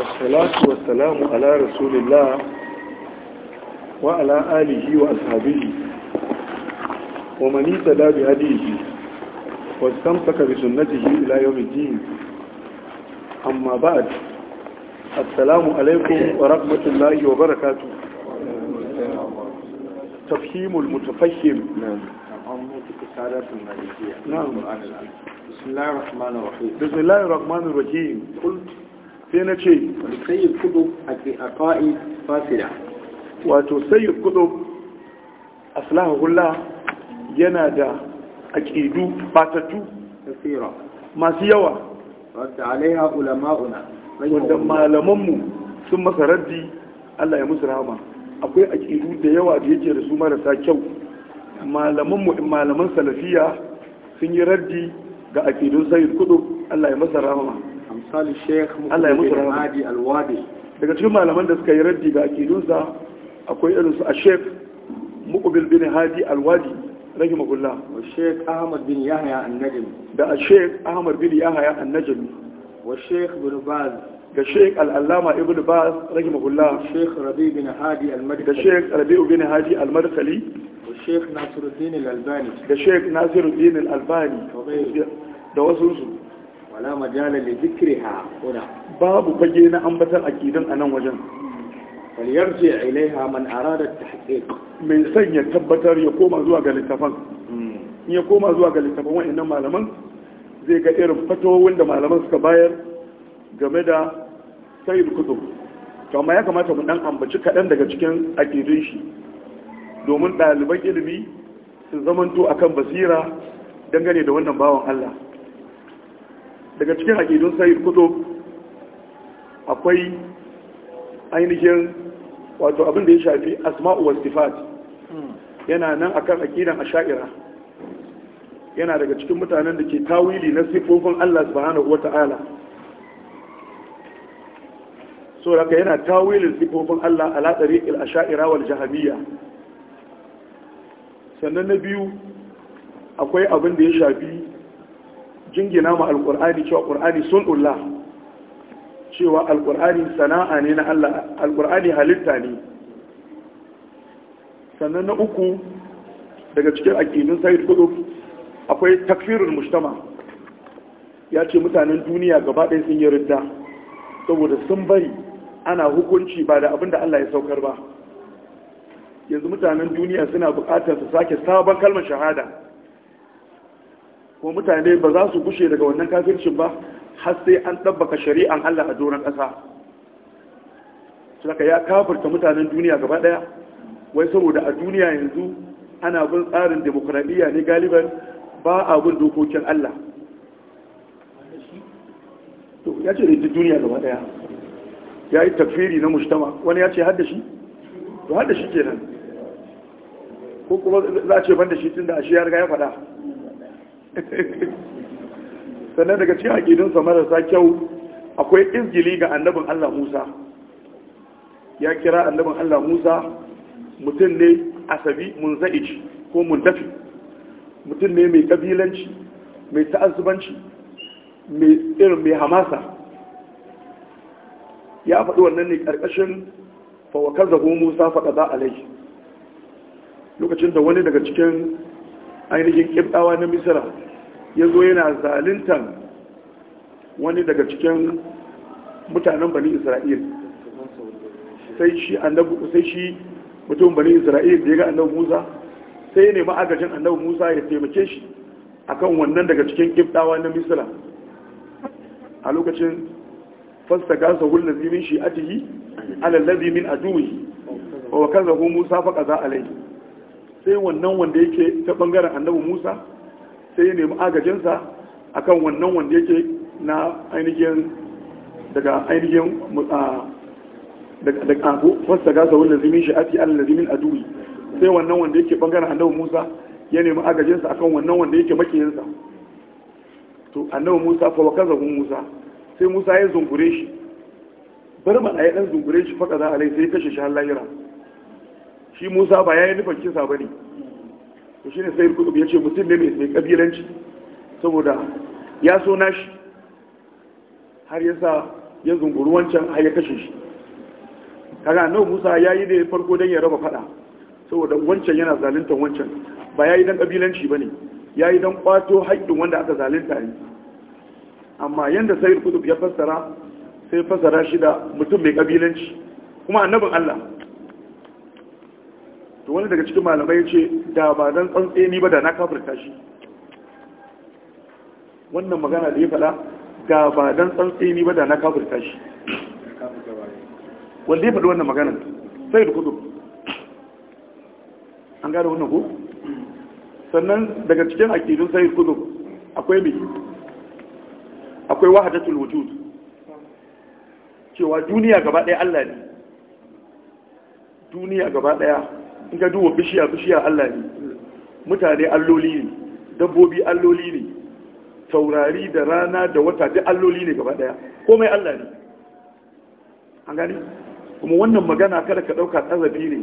والصلاة والسلام على رسول الله وعلى آله وأصحابه ومن اهتدى بهديه واستمسك بسنته إلى يوم الدين أما بعد السلام عليكم ورحمة الله وبركاته تفهيم المتفهم نعم نعم بسم الله الرحمن الرحيم بسم الله الرحمن الرحيم قلت sai na ce sayyid kudu a fa'i fasida wato sayyid kutub aslahullah yana da aqidu batatu masu yawa wadda alaiha ulama'una wanda malamanmu sun masa raddi Allah ya musu rama akwai aqidu da yawa da yake da su marasa kyau malamanmu malaman salafiya sun yi raddi ga aqidun sayyid kudu Allah ya masa rama. misali sheikh Allah ya mutu rahmadi alwadi daga cikin malaman da suka yi raddi ga akidunsa akwai irin su a sheikh muqbil bin hadi alwadi rahimahullah wa sheikh ahmad bin yahya an-najm da a sheikh ahmad bin yahya an-najm wa sheikh bin baz da sheikh al-allama ibn baz rahimahullah sheikh rabi bin hadi al-madkhali da sheikh rabi bin hadi al-madkhali wa sheikh nasiruddin al-albani da sheikh nasiruddin al-albani da wasu su wala majala li zikriha huna babu fage na ambatar akidan anan wajen yarji ilaiha man arada tahqiq mai sanya tabbatar ya koma zuwa ga littafan hmm. in ya koma zuwa ga littafan wa'annan malaman zai ga irin fatawowin da malaman suka bayar game da sayyid kutub to amma ya kamata mu dan ambaci kaɗan daga cikin akidun shi domin ɗaliban ilimi su zamanto akan basira dangane da wannan bawan Allah daga cikin aƙidun sayyid kutub akwai ainihin wato abin da ya shafi asma'u wa sifat yana nan akan aqidan asha'ira yana daga cikin mutanen da ke tawili na sifofin Allah subhanahu wata'ala so daga yana tawilin sifofin Allah ala tariqil asha'ira wal sannan na biyu akwai abin da ya shafi jingina ma alkur'ani cewa sun sunullah cewa alkur'ani sana'a ne na Allah alkur'ani halitta ne sannan na uku daga cikin aqidun sayid kudu akwai takfirin mujtama ya ce mutanen duniya gaba ɗaya sun yi ridda saboda sun bari ana hukunci ba da abinda Allah ya saukar ba yanzu mutanen duniya suna buƙatar su sake sabon kalmar shahada ko mutane ba za su gushe daga wannan kafircin ba har sai an ɗabbaka shari'an Allah a doron ƙasa saka ya kafirta mutanen duniya gaba ɗaya wai saboda a duniya yanzu ana bin tsarin demokradiyya ne galiban ba a bin dokokin Allah ya ce da duniya gaba ɗaya ya yi tafiri na mujtama wani ya ce da shi to da shi kenan ko kuma za a ce ban da shi tun da shi ya riga ya faɗa sannan daga cikin aƙidunsa marasa kyau akwai izgili ga annabin Allah Musa ya kira annabin Allah Musa mutum ne asabi za'ici ko mun dafi mutum ne mai kabilanci mai ta'azzubanci mai irin mai hamasa ya faɗi wannan ne ƙarƙashin fawakar zaho Musa faɗa za a lai lokacin da wani daga cikin ainihin kibdawa na misira ya zo yana zalintan wani daga cikin mutanen bani isra'il sai shi annabu sai shi mutum bani isra'il da ya ga annabu musa sai ya nemi agajin annabu musa ya taimake shi akan wannan daga cikin kibdawa na misira a lokacin fasta gasa hulna zimin shi ajihi alallazi min aduwi wa kazahu musa faƙa za alaihi sai wannan wanda yake ta bangaren annabu Musa sai ya nemi agajinsa akan wannan wanda yake na ainihin daga ainihin daga abu wasta gasa wanda zimin sha'afi lazimin adui sai wannan wanda yake bangaren annabu Musa ya nemi agajinsa akan wannan wanda yake makiyinsa to annabu Musa kaza kun Musa sai Musa ya zungure shi bar ma yi ɗan zungure shi faɗa za a lai sai kashe shi har lahira shi musa ba ya yi nufin kisa ba ne ko shi ne sayar kudu ya ce mutum ne mai kabilanci saboda ya so na shi har ya sa ya zunguru wancan har ya kashe shi kaga nan musa ya yi ne farko don ya raba fada saboda wancan yana zaluntar wancan ba ya yi don kabilanci ba ne ya yi don kwato haƙƙin wanda aka zalunta ne amma yadda sayar Kudu ya fassara sai fassara shi da mutum mai kabilanci kuma annabin allah to wani daga cikin malamai ya ce da ba dan ni ba da na kafirta shi wannan magana da ya faɗa da ba dan ni ba da na kafirta shi wanda ya faɗi wannan magana sai da kudu an gada wannan ko sannan daga cikin akidun sai da kudu akwai mai akwai wahadatul wujud cewa duniya gaba ɗaya Allah ne duniya gaba ɗaya in ka duba bishiya bishiya Allah ne mutane alloli ne dabbobi alloli ne taurari da rana da wata duk alloli ne gaba daya komai Allah ne an gani kuma wannan magana kada ka dauka azabi ne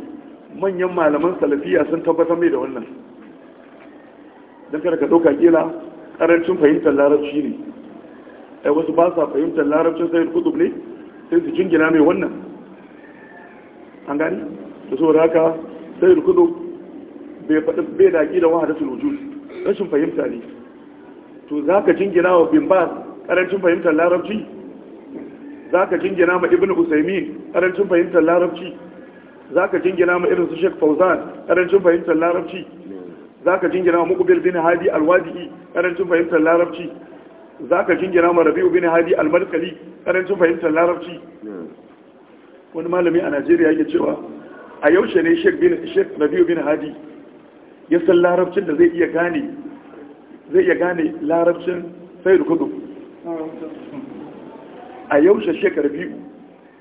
manyan malaman salafiya sun tabbatar mai da wannan dan kada ka dauka kila karancin fahimtar larabci ne ai wasu ba sa fahimtar larabci sai kutub ne sai su jingina mai wannan an gani da saboda haka sai rukudu bai faɗi bai da wahada wahadatul wujud rashin fahimta ne to za ka jingina wa bin ƙarancin fahimtar larabci za ka jingina ma ibn usaimin ƙarancin fahimtar larabci za ka jingina ma irin su Sheikh fauzan ƙarancin fahimtar larabci za ka jingina ma mukubil bin hadi alwadi'i ƙarancin fahimtar larabci za ka jingina ma rabi'u bin hadi almarkali ƙarancin fahimtar larabci wani malami a najeriya yake cewa a yaushe ne shek biyu bin hadi ya san larabcin da zai iya gane zai iya gane larabcin sai rukudu a yaushe shekar Biyu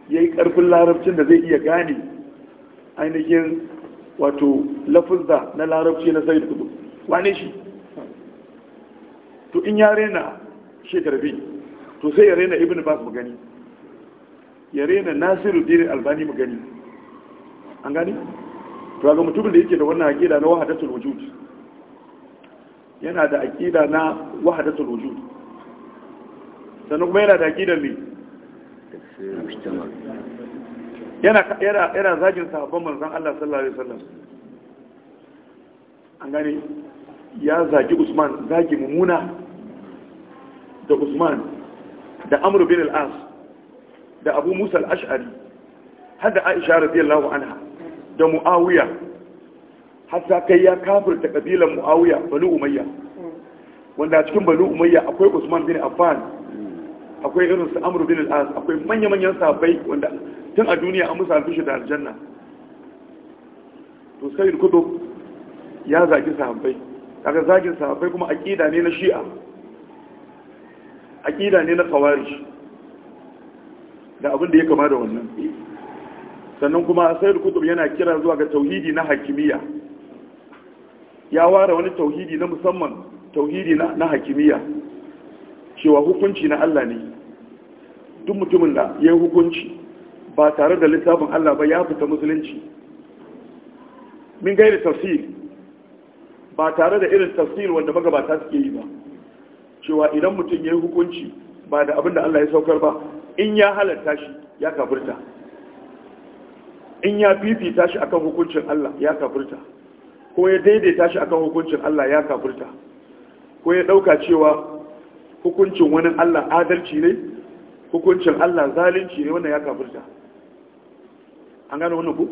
ya yi karfin larabcin da zai iya gane ainihin wato lafuzza na larabci na sai rukudu wane shi to in ya rena shekar Biyu, to sai ya rena ibn bas mu gani ya rena nasiru dinin albani mu gani an gani to ga mutumin da yake da wannan aqida na wahdatul wujud yana da aqida na wahdatul wujud sannan kuma yana da aqida ne. yana yana yana zagin sahabban manzon Allah sallallahu alaihi wasallam an gani ya zagi Usman zagi mumuna da Usman da Amr bin al-As da Abu Musa al-Ash'ari har da Aisha radiyallahu anha da mu'awiya hatta kai ya kafirta kabilan mu'awiya banu umayya wanda cikin banu umayya akwai usman bin affan akwai irin su amru bin al-as akwai manya-manyan sahabbai wanda tun a duniya an musa fushi da aljanna to sai kudu ya zagi sahabbai kaga zagin sahabbai kuma aqida ne na shi'a aqida ne na khawarij da abin da ya kama da wannan sannan kuma sayar kutub yana kira zuwa ga tauhidi na hakimiyya ya ware wani tauhidi na musamman tauhidi na hakimiyya cewa hukunci na Allah ne duk mutumin da ya yi hukunci ba tare da littafin Allah ba ya fita musulunci min gairi tafsir ba tare da irin tafsir wanda magabata suke yi ba cewa idan mutum ya yi hukunci ba da abin da Allah ya saukar ba in ya halatta shi ya kafirta in ya fifita shi akan hukuncin Allah ya kafirta ko ya daidaita shi akan hukuncin Allah ya kafirta ko ya dauka cewa hukuncin wani Allah adalci ne hukuncin Allah zalunci ne wannan ya kafirta an gane wannan ku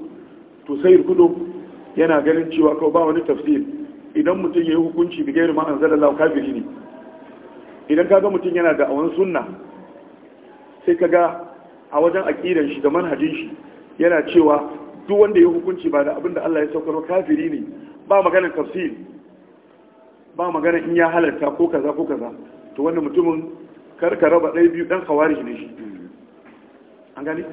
to sai kudu yana ganin cewa ko ba wani tafsir idan mutum yayi hukunci bi gairi ma'an anzalallahu kafiri ne idan kaga mutum yana da awan sunna sai kaga a wajen aqidar shi da manhajin shi yana cewa duk wanda ya hukunci ba da abin Allah ya saukar kafiri ne ba maganar tafsir ba maganar in ya halarta ko kaza ko kaza to wannan mutumin karka raba ɗaya biyu ɗan kawari ne shi an gani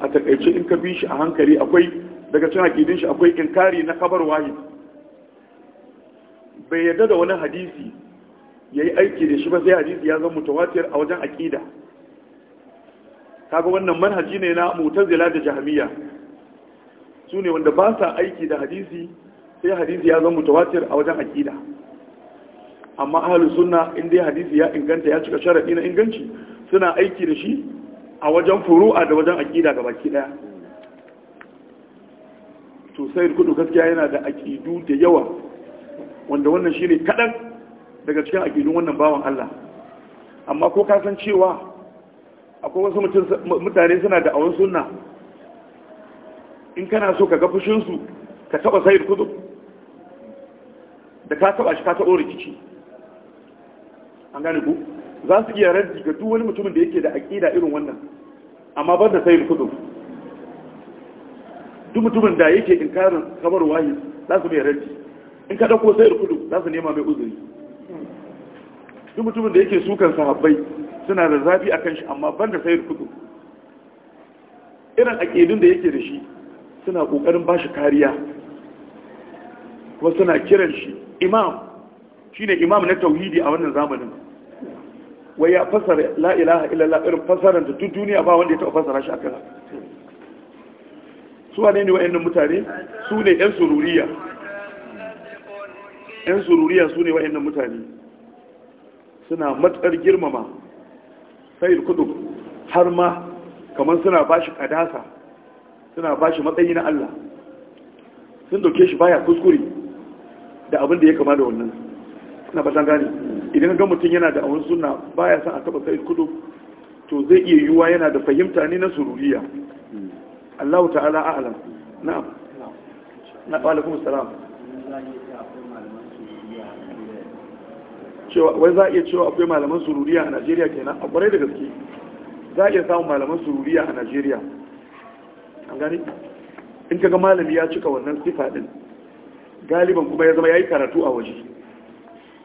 a takaice in ka bi shi a hankali akwai daga cin akidin shi akwai inkari na kabar wahid bai yarda da wani hadisi yayi aiki da shi ba sai hadisi ya zama mutawatir a wajen aƙida. kaga wannan manhaji ne na mutazila da jahmiya sune wanda ba sa aiki da hadisi sai hadisi ya zama mutawatir a wajen aqida amma ahlu sunna in dai hadisi ya inganta ya cika sharaɗi na inganci suna aiki da shi a wajen furu'a da wajen aqida baki daya to sai kudu gaskiya yana da aqidu da yawa wanda wannan shine kadan daga cikin aqidun wannan bawan Allah amma ko ka san cewa akwai wasu mutane suna da awon sunna in kana so ka ga fushinsu ka taba sayar kudu da ka taba shi ka taba rikici an gane ku za su iya raddi ga duk wani mutumin da yake da aƙida irin wannan amma ban da sayar kudu duk mutumin da yake karin kamar wahi za su mai raddi in ka ɗauko sayar kudu za su nema mai uzuri duk mutumin da yake sukan sahabbai suna da zafi a kan shi amma ban da sayar kudu irin aƙidun da yake da shi suna ƙoƙarin ba shi kariya kuma suna kiran shi imam shi ne imam na tauhidi a wannan zamanin wai ya fasara la'ilaha illallah irin fasaran da duk duniya ba wanda ya taɓa fasara shi a kan su wane ne wa'in mutane su ne 'yan sururiya 'yan sururiya su ne wa'in mutane suna matsar girmama sayid kudu har ma kamar suna ba shi kadasa suna ba shi matsayi na Allah sun doke shi baya kuskure da abin da ya kama da wannan suna ba gane idan ga mutum yana da awon suna baya san a taba sayid kudu to zai iya yiwuwa yana da fahimta ne na sururiya Allah ta'ala a'lam na'am wa alaikum salam wai za a iya cewa akwai malaman sururiya a najeriya kenan a kwarai da gaske za a iya samun malaman sururiya a najeriya an gani in kaga malami ya cika wannan sifa din galiban kuma ya zama ya yi karatu a waje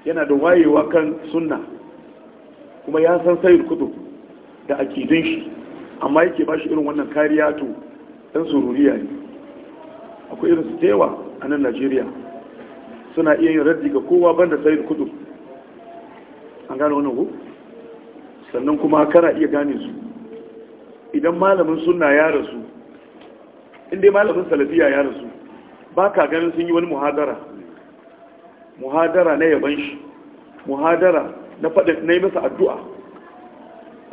yana da wayewa kan sunna kuma ya san sayar kudu da akidin shi amma yake ba shi irin wannan kariya to ɗan sururiya ne akwai irin su tewa a nan najeriya suna iya yin raddi ga kowa banda sayar kudu an gane wannan sannan kuma kana iya gane su idan malamin suna ya rasu inda malamin salafiya ya rasu ba ka ganin sun yi wani muhadara muhadara na yaban shi muhadara na faɗa na yi masa addu'a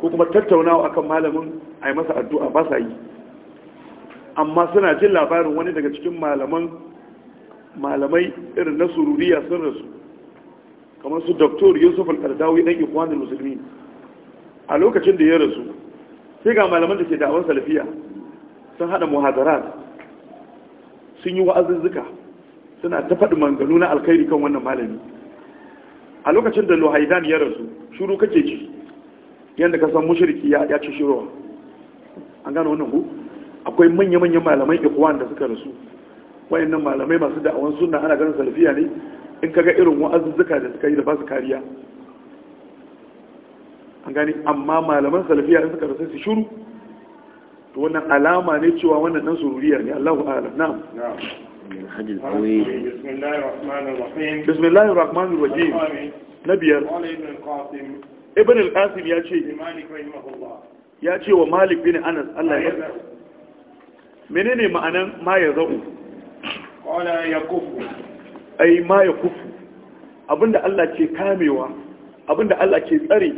ko kuma tattaunawa akan malamin a yi masa addu'a ba sa yi amma suna jin labarin wani daga cikin malamai irin na sururiya sun rasu kamar su doktor yusuf al-kardawi dan ikwanin musulmi a lokacin da ya rasu sai ga malaman da ke da'awar salafiya sun hada muhazarat sun yi wa'azuzzuka suna ta faɗi manganu na alkhairi kan wannan malami a lokacin da luhaidan ya rasu shuru kake ci yadda ka san mushriki ya ci shirowa an gano wannan ku akwai manya-manyan malamai ikwan da suka rasu wayannan malamai masu da'awan sunna ana ganin salafiya ne in kaga irin wa'azuzzuka da suka yi da ba su kariya an gani amma malaman salafiya in suka rasa su shuru to wannan alama ne cewa wannan dan sururiya ne Allahu a'lam na'am الحج الطويل بسم الله الرحمن الرحيم بسم ابن القاسم يا شيخ يا شيخ ومالك بن انس الله يرحمه menene ma'anan ma ya za'u qala yakufu ai ma ya kufu abinda Allah ke kamewa abinda Allah ke tsare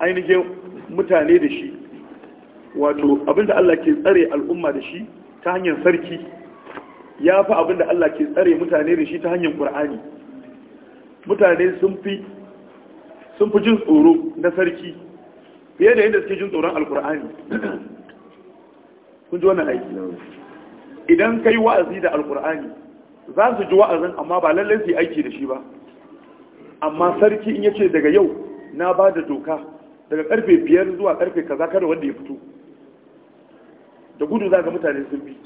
ainihin mutane da shi wato abinda Allah ke tsare al'umma da shi ta hanyar sarki ya fi abinda Allah ke tsare mutane da shi ta hanyar ƙur'ani mutane sun fi jin tsoro na sarki fiye da yadda suke jin tsoron alƙur'ani kun ji wannan aiki idan kai wa'azi da alƙur'ani za su ji wa'azin amma ba lallai su yi aiki da shi ba amma sarki in ce daga yau na ba da doka daga karfe biyar zuwa karfe kaza kada wanda ya fito da gudu za ga mutane sun bi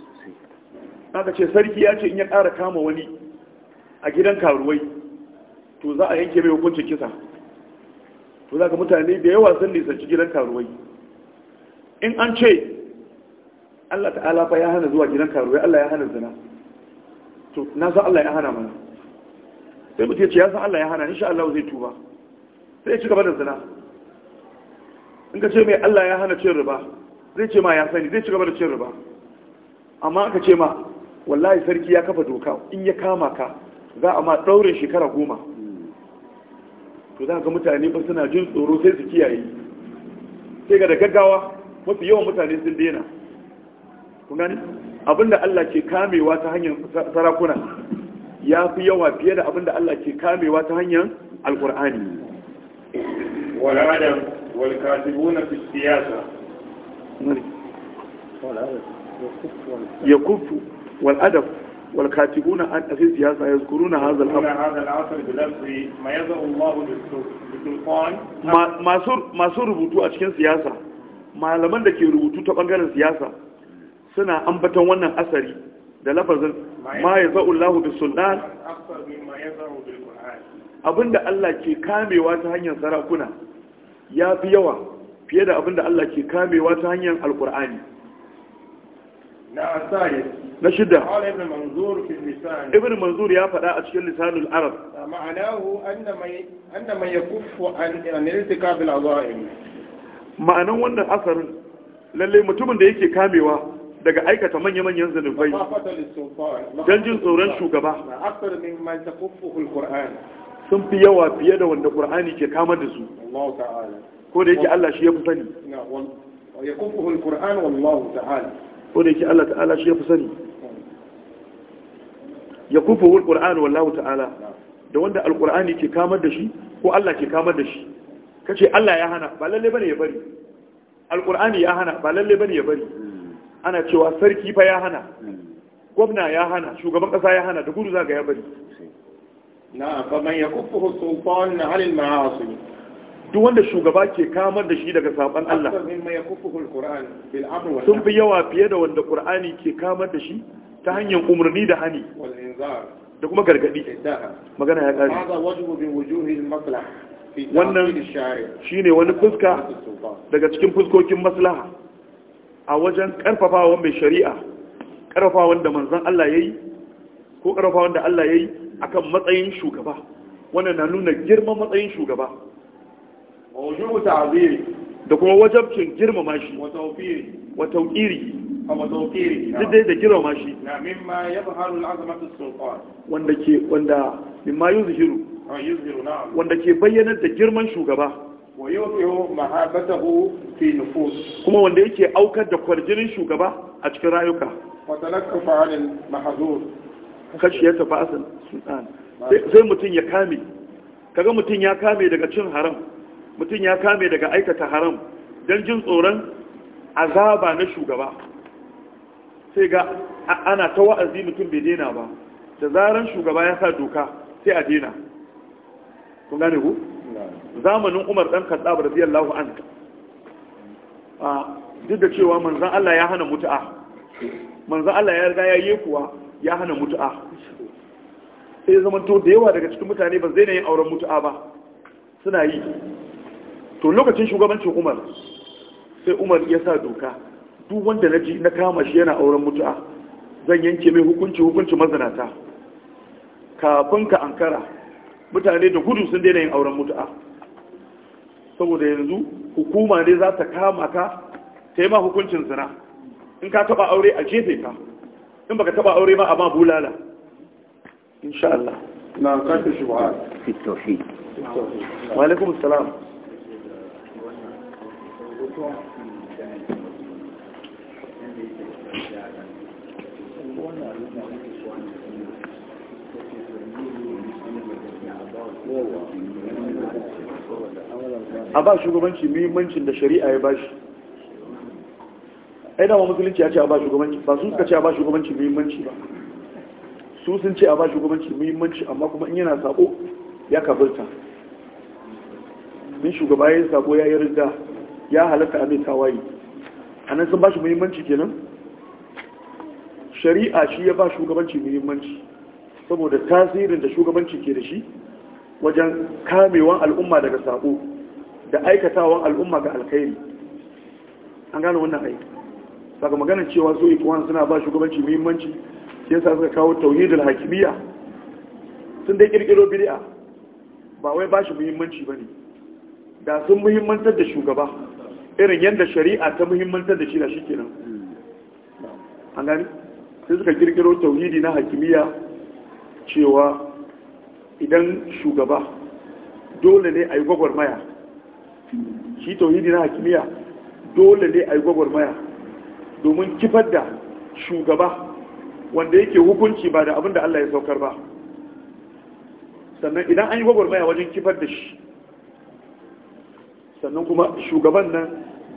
ka ce sarki ya ce in ya ƙara kama wani a gidan karuwai to za a yanke mai hukuncin kisa to za ka mutane da yawa sun nisanci gidan karuwai in an ce Allah ta'ala fa ya hana zuwa gidan karuwai Allah ya hana zina to na san Allah ya hana mana sai mutu ya ce ya san Allah ya hana insha Allah zai tuba sai ya ci gaba da zina in ka ce mai Allah ya hana cin riba zai ce ma ya sani zai ci gaba da cin riba amma aka ce ma wallahi sarki ya kafa doka in ya kama ka za a ma ɗaurin shekara goma to za ga mutane ba suna jin tsoro sai su kiyaye sai ga da gaggawa mafi yawan mutane sun daina abinda Allah ke kamewa ta hanyar sarakuna ya fi yawa fiye da abinda Allah ke kamewa ta hanyar alkur'ani wal adam wal katibuna fi siyasa يكف والأدب والكاتبون عن أساس سياسة يذكرون هذا الأمر هذا العصر بلفظ ما يضع الله للسلطان ما ما سر ما rubutu a cikin siyasa malaman da ke rubutu ta bangaren siyasa suna ambaton wannan asari da lafazin ma ya lahu bi sultan abinda Allah ke kamewa ta hanyar sarakuna ya fi yawa fiye da abinda Allah ke kamewa ta hanyar alkur'ani na shida ibn manzur ya faɗa a cikin lisanul arab ma'anan wannan asarin lallai mutumin da yake kamewa daga aikata manya-manyan zunubai don jin tsoron shugaba sun fi yawa fiye da wanda ƙur'ani ke kama da su ko da yake Allah shi ya fi sani ko da yake Allah ta'ala shi ya fi sani ya kufuhul ƙur'an wallahu ta'ala da wanda alƙur'ani ke kamar da shi ko Allah ke kamar da shi kace Allah ya hana ba lalle bane ya bari alƙur'ani ya hana ba lalle bane ya bari ana cewa sarki fa ya hana hmm. gwamna ya hana shugaban kasa ya hana da gudu za ga ya bari na faman ya kufu sultan na halin ma'asi duk wanda shugaba ke kamar da shi daga saban Allah sun fi yawa fiye da wanda qur'ani ke kamar da shi ta hanyar umarni da hani da kuma gargadi magana ya kare wannan shine wani fuska daga cikin fuskokin maslaha a wajen karfafawa mai shari'a karfafawa da manzon Allah yayi ko karfafawa da Allah ya yi a kan matsayin shugaba wannan na nuna girman matsayin shugaba mawjudu ta'zim da kuma wajabcin girmama shi wa tawfiri wa tawqiri wa tawqiri dai da girmama shi na mimma yabharu al'azamatu sultan wanda ke wanda ah, wanda ke bayyana da girman shugaba wa yuqihu fi nufus kuma wanda yake aukar da kwarjirin shugaba a cikin rayuka wa talaqqa 'anil mahzur kashiyata ba'san sultan sai mutum ya kame kaga mutum ya kame daga cin haram mutum ya kame daga aikata haram don jin tsoron azaba na shugaba sai ga ana ta wa'azi mutum bai dena ba da zaran shugaba ya sa doka sai a dena kun gane ku zamanin umar dan kattab radiyallahu an duk da cewa manzan Allah ya hana mutu'a manzan Allah ya riga ya yi kuwa ya hana mutu'a sai ya to da yawa daga cikin mutane ba zai na yin auren mutu'a ba suna yi to lokacin shugabancin umar sai umar ya sa doka duk wanda na ji na kama shi yana auren mutu'a zan yanke mai hukunci hukunci mazinata kafin ka ankara mutane da gudu sun daina yin auren mutu'a saboda yanzu hukuma ne za ta kama ka ta yi ma hukuncin zina in ka taba aure a jefe ka in baka taba aure ma a ma bulala insha Allah na kashe shi wa fitofi wa alaikum salam a ba shugabanci muhimmancin da shari'a ya bashi ai dama musulunci ya ce a ba shugabanci ba su suka ce a ba shugabanci muhimmanci ba su sun ce a ba shugabanci muhimmanci amma kuma in yana sako ya kafirta min shugaba ya yi sako ya yi rinda ya halatta a mai tawaye a nan sun ba shi muhimmanci kenan shari'a shi ya ba shugabanci muhimmanci saboda tasirin da shugabanci ke da shi wajen kamewan al'umma daga sako da aikatawan al'umma ga alkhairi an gano wannan aiki saka maganar cewa su ikuwan suna ba shugabanci muhimmanci yasa suka kawo tauhidul hakimiyya sun dai kirkiro bid'a ba wai ba shi muhimmanci bane da sun muhimmantar da shugaba irin yadda shari'a ta muhimmantar da shi da shi kenan an gani sai suka kirkiro tauhidi na hakimiyya cewa idan shugaba dole ne a yi gwagwarmaya shi tauhidi na hakimiyya dole ne a yi gwagwarmaya domin kifar da shugaba wanda yake hukunci ba da abin da Allah ya saukar ba sannan idan an yi gwagwarmaya wajen kifar da shi sannan kuma shugaban nan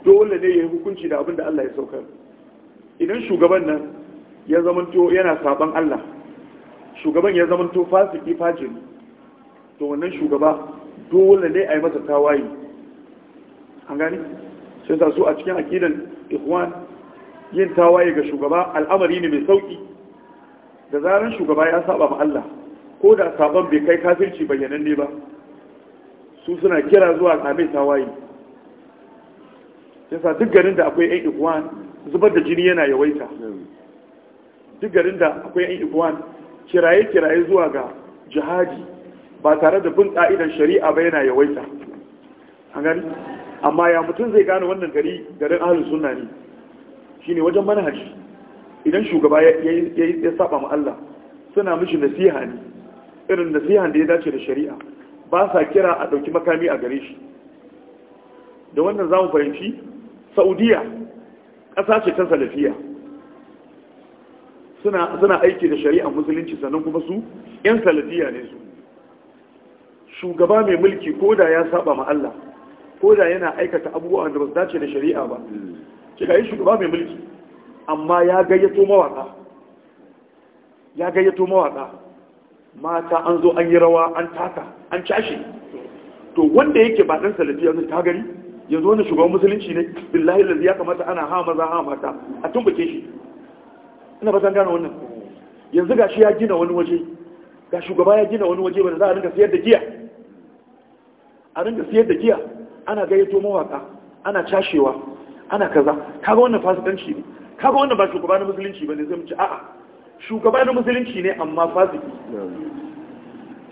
dole ne ya yi hukunci da abin da Allah ya saukar idan shugaban nan ya zamanto yana saban Allah shugaban ya zamanto fasiki fajiri to wannan shugaba dole ne a yi masa tawaye an gani sai ta su a cikin akidan ikhwan yin tawaye ga shugaba al'amari ne mai sauki da zaran shugaba ya saba ma Allah ko da saban bai kai kafirci bayyananne ba su suna kira zuwa kame tawaye yasa duk garin da akwai 'yan ikwan zubar da jini yana yawaita duk garin da akwai 'yan ikwan kiraye-kiraye zuwa ga jihadi ba tare da bin ƙa’idar shari'a ba yana yawaita amma ya mutum zai gane wannan gari garin ahalin sunna ne shine wajen manhaji idan shugaba ya saba ma Allah suna mishi nasiha ne irin nasiha da ya dace da shari'a ba sa kira a ɗauki makami a gare shi da wannan za mu fahimci saudiya ƙasa ce ta salafiya suna aiki da shari'a musulunci sannan kuma su 'yan salafiya ne su shugaba mai mulki ko da ya saba ma Allah ko da yana aikata abubuwa da ba su dace da shari'a ba ce ga yi shugaba mai mulki amma ya gayyato mawaka ya gayyato mawaka mata an zo an yi rawa an taka an cashe to wanda yake ba dan salafi yanzu ta gari yanzu wani shugaban musulunci ne billahi lalzi ya kamata ana ha maza ha mata a tumbuke shi ina ba san gane wannan yanzu gashi ya gina wani waje ga shugaba ya gina wani waje ba da za a rinka sayar da giya a rinka siyar da giya ana gayyato mawaka ana cashewa ana kaza kaga wannan fasikanci ne kaga wannan ba shugaba na musulunci bane zai mace a'a shugaba na musulunci ne amma fasiki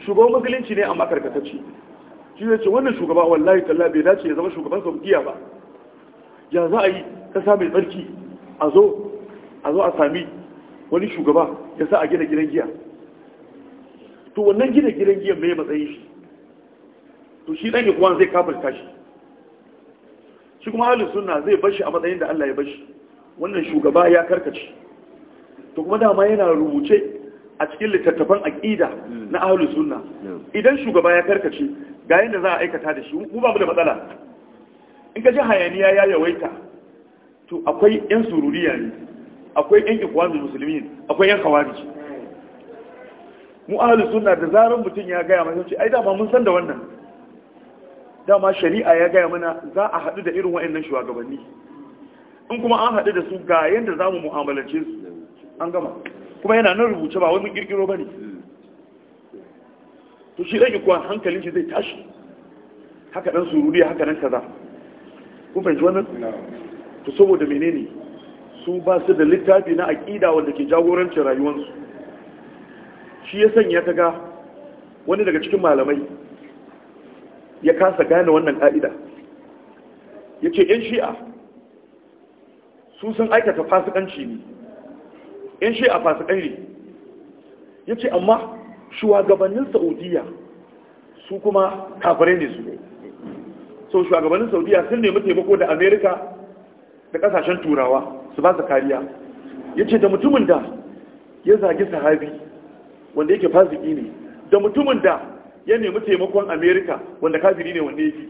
shugaban musulunci ne amma karkatacci shi zai ce wannan shugaba wallahi talla bai dace ya zama shugaban giya ba ya za a yi kasa mai tsarki a zo a zo a sami wani shugaba ya sa a gina gidan giya to wannan gina gidan giyan mai matsayin shi to shi dan ikwan zai kafirta shi shi kuma ahlus sunna zai bar a matsayin da Allah ya bar wannan shugaba ya karkace to kuma dama yana rubuce a cikin littattafan aƙida na ahlus sunna idan shugaba ya karkace ga yanda za a aikata da shi mu ba mu da matsala in ka ji hayaniya ya yawaita to akwai yan sururiya ne akwai yan ikwanul muslimin akwai yan kawari mu ahlus sunna da zarar mutum ya gaya ya ai da ba mun san da wannan dama shari'a ya gaya mana za a haɗu da irin wa'annan shugabanni in kuma an haɗu da su ga yadda za mu mu'amalance su an gama kuma yana nan rubuce ba wani ƙirƙiro ba ne to shi ɗan ikuwa hankalin shi zai tashi haka ɗan sururiya haka nan kaza kun fahimci wannan to saboda menene su ba su da littafi na aƙida wanda ke jagorancin rayuwarsu shi ya sanya ta ga wani daga cikin malamai ya kasa gane wannan ka'ida ya ce ‘yan shi'a sun aikata fasikanci ne ‘yan shi'a fasikan ne ya ce amma shugabannin saudiya su kuma kafare ne su so shugabannin saudiya sun nemi taimako da amerika da kasashen turawa su ba su kariya ya ce da mutumin da ya zagi sahabi wanda yake fasiki ne da mutumin da ya nemi taimakon amerika wanda kafiri ne wanda yake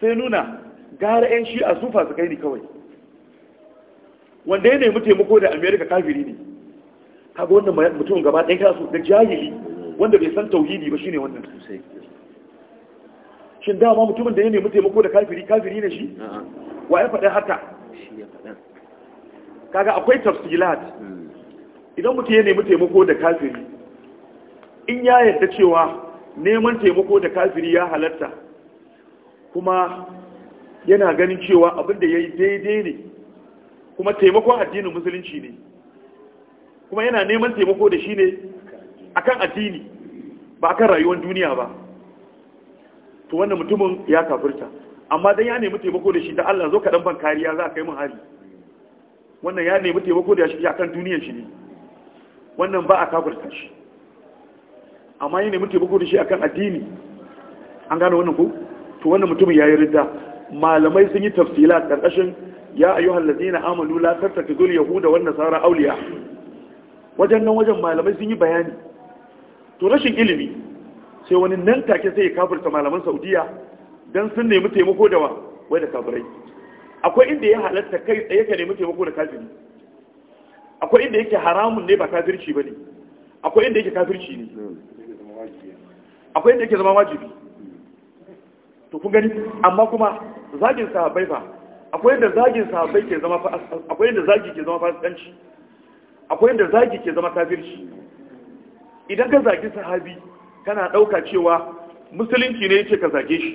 sai nuna gara 'yan shi a sufa su kai ni kawai wanda ya nemi taimako da amerika kafiri ne kaga wannan mutum gaba ɗaya kasu da jahili wanda bai san tauhidi ba shine wannan sosai shin dama mutumin da ya nemi taimako da kafiri kafiri ne shi wa ya faɗa haka kaga akwai tafsilat hmm. idan mutum ya nemi taimako da kafiri in ya yarda cewa neman taimako da kafiri ya halatta kuma yana ganin cewa abin da ya yi daidai ne kuma taimakon addinin musulunci ne kuma yana neman taimako da shi ne akan addini ba akan rayuwar duniya ba to wannan mutumin ya kafirta amma dan ya nemi taimako da shi da Allah zo kaɗan ban kariya za a kai mun hari wannan ya nemi taimako da shi a kan duniyar shi ne wannan ba a kafirta shi amma yi ne muke bugu da shi akan addini an gane wannan ku to wannan mutumin ya yi rida malamai sun yi tafsila ƙarƙashin ya ayyuhal ladina amanu la tattakhidul yahuda wannan nasara auliya wajen nan wajen malamai sun yi bayani to rashin ilimi sai wani nan take sai ya kafirta malaman saudiya don sun nemi taimako da wa wai da kafirai akwai inda ya halatta kai tsaye ka nemi taimako da kafiri akwai inda yake haramun ne ba kafirci bane akwai inda yake kafirci ne akwai yadda yake zama wajibi to kun gani amma kuma zagin sahabbai fa akwai yadda zagin sahabbai ke zama akwai yadda zagi ke zama fasikanci akwai yadda zagi ke zama kafirci idan ka zagi sahabi kana dauka cewa musulunci ne yake ka zage shi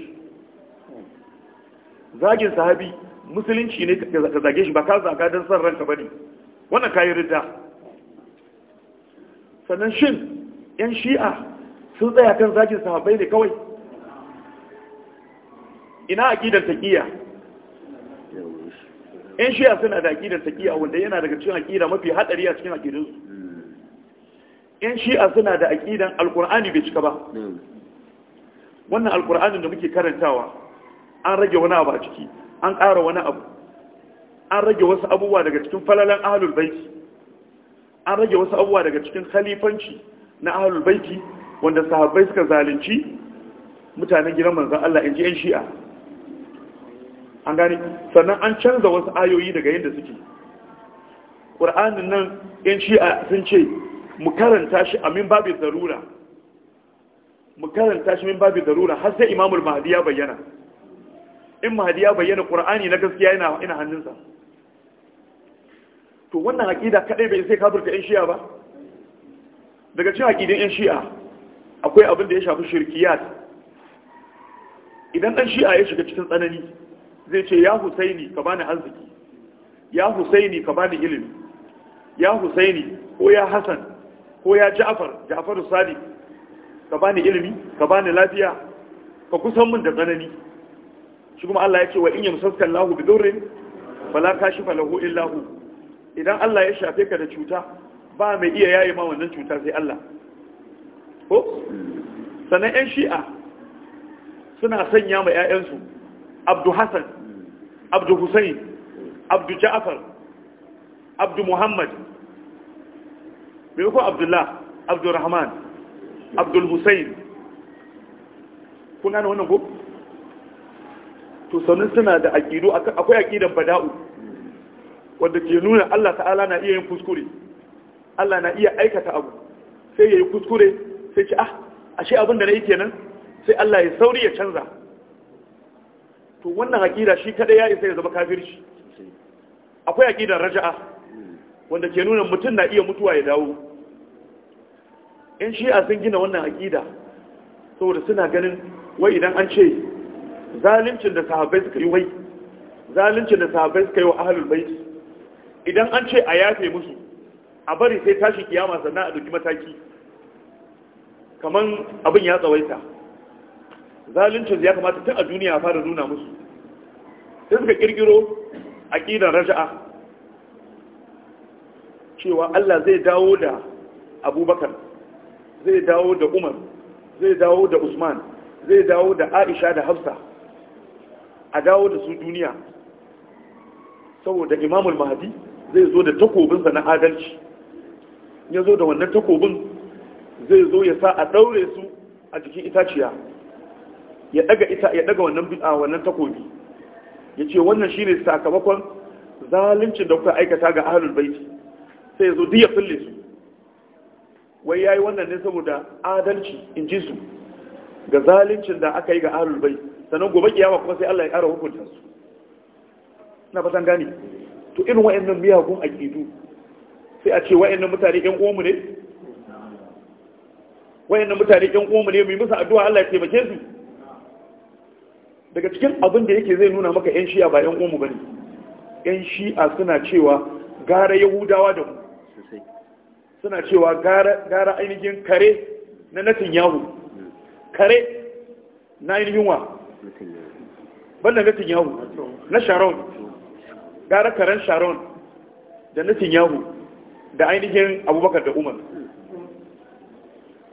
zagin sahabi musulunci ne ka zage shi ba ka zaga don son ranka bane wannan kayi ridda sannan shin yan shi'a sun tsaya kan zagin sahabbai ne kawai ina aqidar taqiya in ya suna da aqidar taqiya wanda yana daga cikin aqida mafi hadari a cikin aqidun su in shi'a suna da aqidan alqur'ani bai cika ba wannan alqur'anin da muke karantawa an rage wani abu a ciki an ƙara wani abu an rage wasu abubuwa daga cikin falalan ahlul baiti an rage wasu abubuwa daga cikin khalifanci na ahlul baiti wanda sahabbai suka zalunci mutanen gidan manzan Allah in ji 'yan shi'a an gani sannan an canza wasu ayoyi daga yadda suke ƙur'anin nan 'yan shi'a sun ce mu karanta shi a min babin zarura mu karanta shi min babin zarura har sai imamul mahdi ya bayyana in mahdi ya bayyana ƙur'ani na gaskiya yana ina hannunsa to wannan aƙida kaɗai bai sai kafirta 'yan shi'a ba daga cin aƙidin 'yan shi'a akwai abin da ya shafi shirkiyat idan dan shi'a ya shiga cikin tsanani zai ce ya husaini ka bani arziki ya husaini ka bani ilimi ya husaini ko ya hasan ko ya ja'far ja'faru sadiq ka bani ilimi ka bani lafiya ka kusan min da tsanani shi kuma Allah ya ce wa in yamsaka Allahu bi dhurrin fala kashifa lahu illa hu idan Allah ya shafe ka da cuta ba mai iya yayi ma wannan cuta sai Allah ko sannan 'yan shi'a suna sanya ma 'ya'yansu abdu hassan abdu hussein abdu ja'afar abdu muhammad maimakon abdullah abdu rahman abdul hussein kun gane wannan ko? to sannan suna da aƙidu akwai aƙidan bada'u wanda ke nuna allah ta'ala na iya yin kuskure allah na iya aikata abu sai ya yi kuskure sai ce ah ashe abin da na yi kenan sai Allah ya sauri ya canza to wannan aƙida shi kada ya isa ya zama kafirci akwai aƙidar raja'a wanda ke nuna mutum na iya mutuwa ya dawo in shi'a sun gina wannan aƙida saboda suna ganin wai idan an ce zaluncin da sahabbai suka yi wai zaluncin da sahabbai suka yi wa ahlul bait idan an ce a yafe musu a bari sai tashi kiyama sannan a duki mataki kaman abin ya tsawaita zaluncin ya kamata tun a duniya fara nuna musu sai suka kirkiro aqidar raja'a cewa Allah zai dawo da Abubakar zai dawo da Umar zai dawo da Usman zai dawo da Aisha da Hafsa a dawo da su duniya saboda Imamul Mahdi zai zo da takobinsa na adalci ya zo da wannan takobin zai zo ya sa a ɗaure su a jikin itaciya ya ɗaga ita ya ɗaga wannan bid'a wannan takobi ce wannan ne sakamakon zaluncin da kuka aikata ga ahalul baiti sai ya zo duk ya fille su wai ya yi wannan ne saboda adalci in ji su ga zaluncin da aka yi ga ahalul bait sannan gobe kiyama kuma sai Allah ya ƙara hukunta su na fatan gani to irin wa'annan miyagun aqidu sai a ce wa'annan mutane ɗan uwanmu ne wayannan mutane ƴan mu ne mu yi musu addu'a Allah ya taimake su daga cikin abin da yake zai nuna maka ƴan shi'a ba ƴan uwanmu bane ƴan shi'a suna cewa gara yahudawa da mu suna cewa gara gara ainihin kare na natin yahu kare na ainihin wa banda natin yahu na sharon gara karen sharon da natin yahu da ainihin abubakar da umar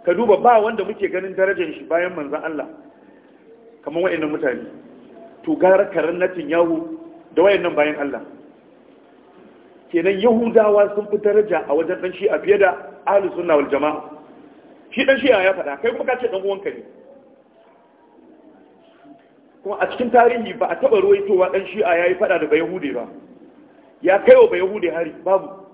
ka duba ba wanda muke ganin darajar shi bayan manzan Allah kamar wa'annan mutane to gara karen natin yahu da wa'annan bayan Allah kenan yahudawa sun fi daraja a wajen ɗan shi'a fiye da ahalus suna wal jama'a shi ɗan shi'a ya faɗa kai kuma ka ce ɗan uwanka ne kuma a cikin tarihi ba a taɓa ruwaitowa dan shi'a ya yi faɗa da bayahude ba ya kai wa bayahude hari babu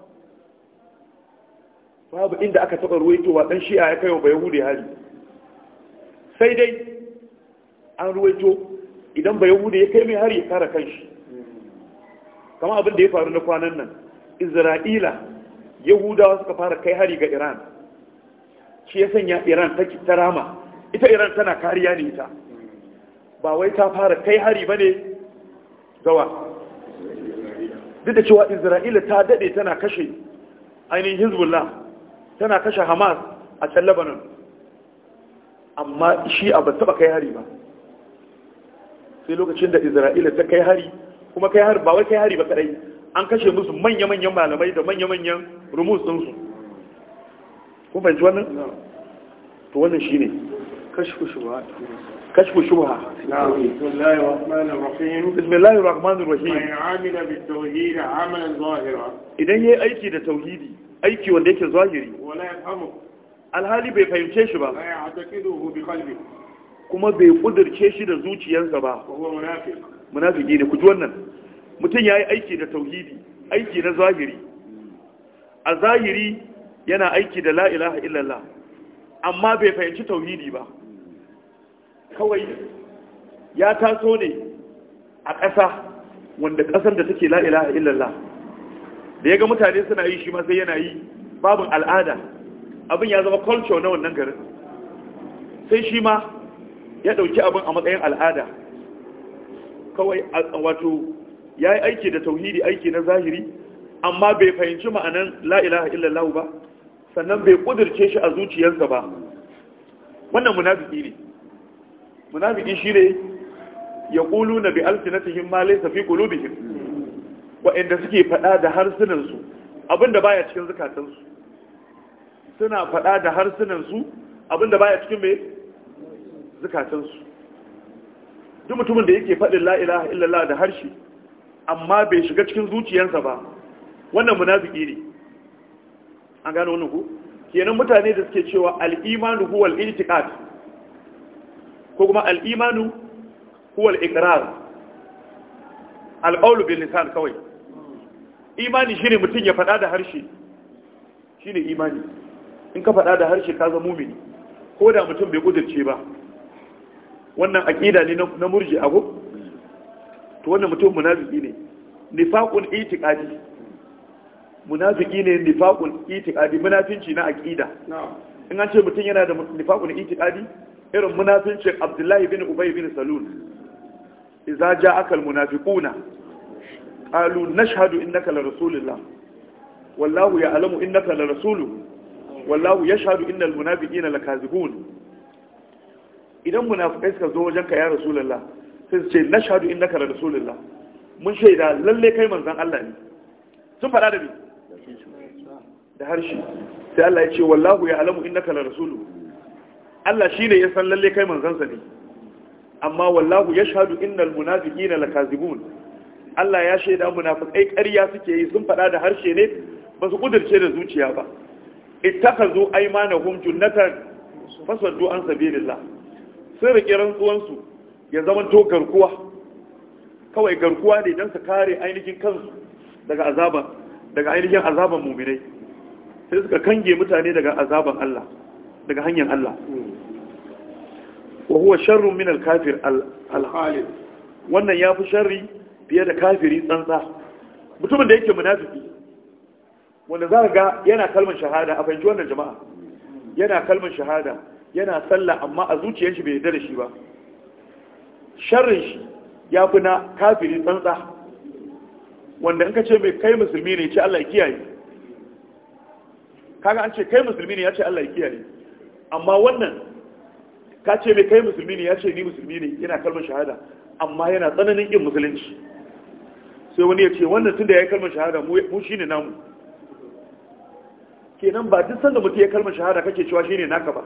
babu inda aka taɓa ruwaitowa ɗan shi'a ya kaiwa bai hude hari sai dai an ruwaito idan bai ya kai mai hari ya kara kanshi kama abin da ya faru na kwanan nan isra'ila yahudawa suka fara kai hari ga iran shi ya sanya iran ta rama. ita iran tana kariya ne ita ba wai ta fara kai hari ba ne zawa. duk da cewa isra'ila ta daɗe tana kashe ainihin hezbollah tana kashe hamas a can labanin amma shi a ba taba kai hari ba sai lokacin da isra'ila ta kai hari kuma kai hari bawai kai hari ba kadai an kashe musu manya-manyan malamai da manya-manyan rumus ɗinsu bai fahimci wannan? to wannan shi ne Kashe shubha kashfu shubha bismillahir rahmanir rahim bismillahir rahmanir rahim aiki da tauhidi aiki wanda yake zahiri alhali bai fahimce shi ba kuma bai kudurce shi da zuciyarsa ba munafiki ne ku ji wannan mutum ya yi aiki da tauhidi aiki na zahiri a zahiri yana aiki da la illallah amma bai fahimci tauhidi ba kawai ya taso ne a ƙasa wanda ƙasar da take la illallah da ya ga mutane suna yi shi masai sai yana yi babin al'ada abin ya zama culture na wannan garin sai shi ma ya ɗauki abin a matsayin al'ada kawai wato ya yi aiki da tauhidi aiki na zahiri amma bai fahimci ma'anan la'ilaha illallahu ba sannan bai ƙudurce shi a zuciyarsa ba wannan munafiki ne munafiki shi ne ya ƙulu na bi alfinatihin ma laisa fi ƙulubihim waɗanda suke faɗa da harsunansu abinda baya cikin zukatansu suna faɗa da harsunansu abinda baya cikin mai zukatansu duk mutumin da yake faɗin la'ilaha illallah da harshe amma bai shiga cikin zuciyarsa ba wannan munafiki ne an gano wannan ku kenan mutane da suke cewa al'imanu huwa al'itiqad ko kuma al'imanu huwa al'iqrar al'aulu bil lisan kawai imani shine mutum ya fada da harshe shine imani in ka fada da harshe ka zama mumini ko da mutum bai kudirce ba wannan aqida ne na murji abu to wannan mutum munafiki ne nifaqul itiqadi munafiki ne nifaqul itiqadi munafinci na aqida in an ce mutum yana da nifaqul itiqadi irin munafincin Abdullahi bin Ubay bin Salul idza ja'a al-munafiquna qalu nashhadu innaka la rasulullah wallahu ya'lamu innaka la rasuluhu wallahu yashhadu innal munafiqina lakazibun idan munafikai suka zo wajenka ya rasulullah sai su ce nashhadu innaka la rasulullah mun shaida lalle kai manzon Allah ne sun fada da bi da harshe sai Allah ya ce wallahu ya'lamu innaka la rasuluhu Allah shine ya san lalle kai manzon sa ne amma wallahu lakazibun Allah ya shaida munafikai ƙarya suke yi sun faɗa da harshe ne ba su kudirce da zuciya ba ittakazu aymanahum junnatan fasaddu an sabilillah sun rike rantsuwan su ya zama to garkuwa kawai garkuwa ne don su kare ainihin kansu daga azaban daga ainihin azaban mu'minai sai suka kange mutane daga azaban Allah daga hanyar Allah wa huwa sharrun min al-kafir al-khalid wannan yafi sharri fiye da kafiri tsantsa mutumin da yake munafiki wanda za ga yana kalmar shahada a fahimci wannan jama'a yana kalmar shahada yana sallah amma a zuciyar shi bai yarda da shi ba sharrin shi ya fi na kafiri tsantsa wanda in ka ce mai kai musulmi ne ce Allah ya kiyaye kaga an ce kai musulmi ne ya ce Allah ya kiyaye amma wannan ka ce mai kai musulmi ne ya ce ni musulmi ne yana kalmar shahada amma yana tsananin yin musulunci sai wani ya ce wannan tun da ya yi kalmar shahada mu shi ne namu kenan ba duk sanda mutu ya kalmar shahada kake cewa shi ne naka ba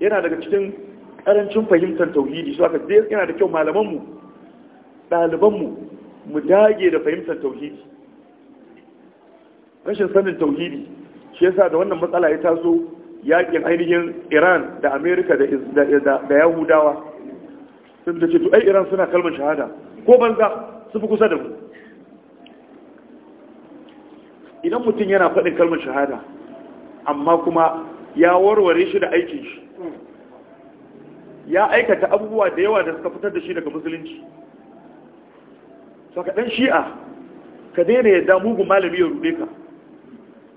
yana daga cikin karancin fahimtar tauhidi su aka zai yana da kyau malamanmu ɗalibanmu mu dage da fahimtar tauhidi rashin sanin tauhidi shi yasa da wannan matsala ya taso yakin ainihin iran da amerika da yahudawa sun da ce to ai iran suna kalmar shahada ko banza su fi kusa da mu idan mutum yana faɗin kalmar shahada amma kuma ya warware shi da aikin shi ya aikata abubuwa da yawa da suka fitar da shi daga musulunci saka ɗan shi'a ka daina yadda mugun malami ya rube ka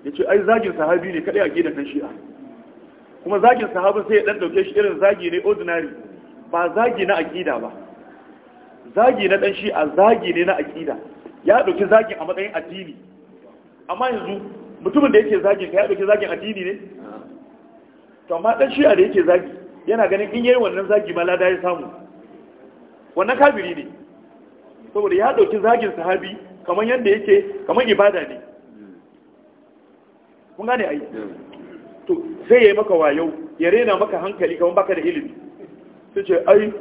ya ce ai zagin sahabi ne kaɗai a gidan ɗan shi'a kuma zagin sahabin sai ya ɗan ɗauke shi irin zagi ne ordinary ba zagi na aƙida ba zagi na dan shi'a zagi ne na aƙida ya ɗauki zagin a matsayin addini amma yanzu mutumin da yake zagin ka ya ɗauki zagin addini ne to amma dan shi'a da yake zagi yana ganin in yayi wannan zagi ma lada ya samu wannan kafiri ne saboda ya ɗauki zagin sahabi kamar yadda yake kamar ibada ne kun gane ai to sai ya yi maka wayo ya rena maka hankali kamar baka da ilimi sai ce ai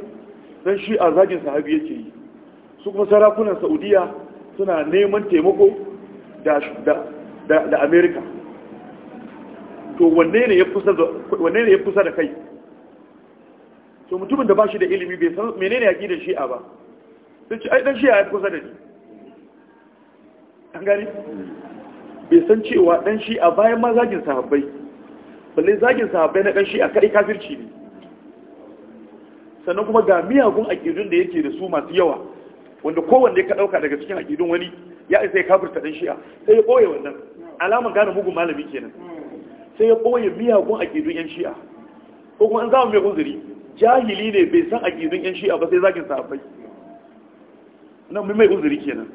dan shi a zagin sahabi yake yi su kuma sarakunan saudiya suna neman taimako da amerika to wanne ne ya kusa da kai to mutumin da ba shi da ilimi bai san menene yaƙi da shi'a ba sai ce ai dan shi'a ya kusa da ni an gari bai san cewa dan shi'a bayan ma zagin sahabbai balle zagin sahabbai na dan shi'a kai kafirci ne sannan kuma ga miyagun aƙidun da yake da su masu yawa wanda kowanne ka ɗauka daga cikin aƙidun wani ya isa ya kafirta ɗan shi'a sai ya ɓoye wannan Alamar gane mugun malami kenan sai ya ɓoye miyagun aƙidun yan shi'a ko kuma an zama mai uzuri jahili ne bai san aƙidun yan shi'a ba sai zagin sahabbai nan mai uzuri kenan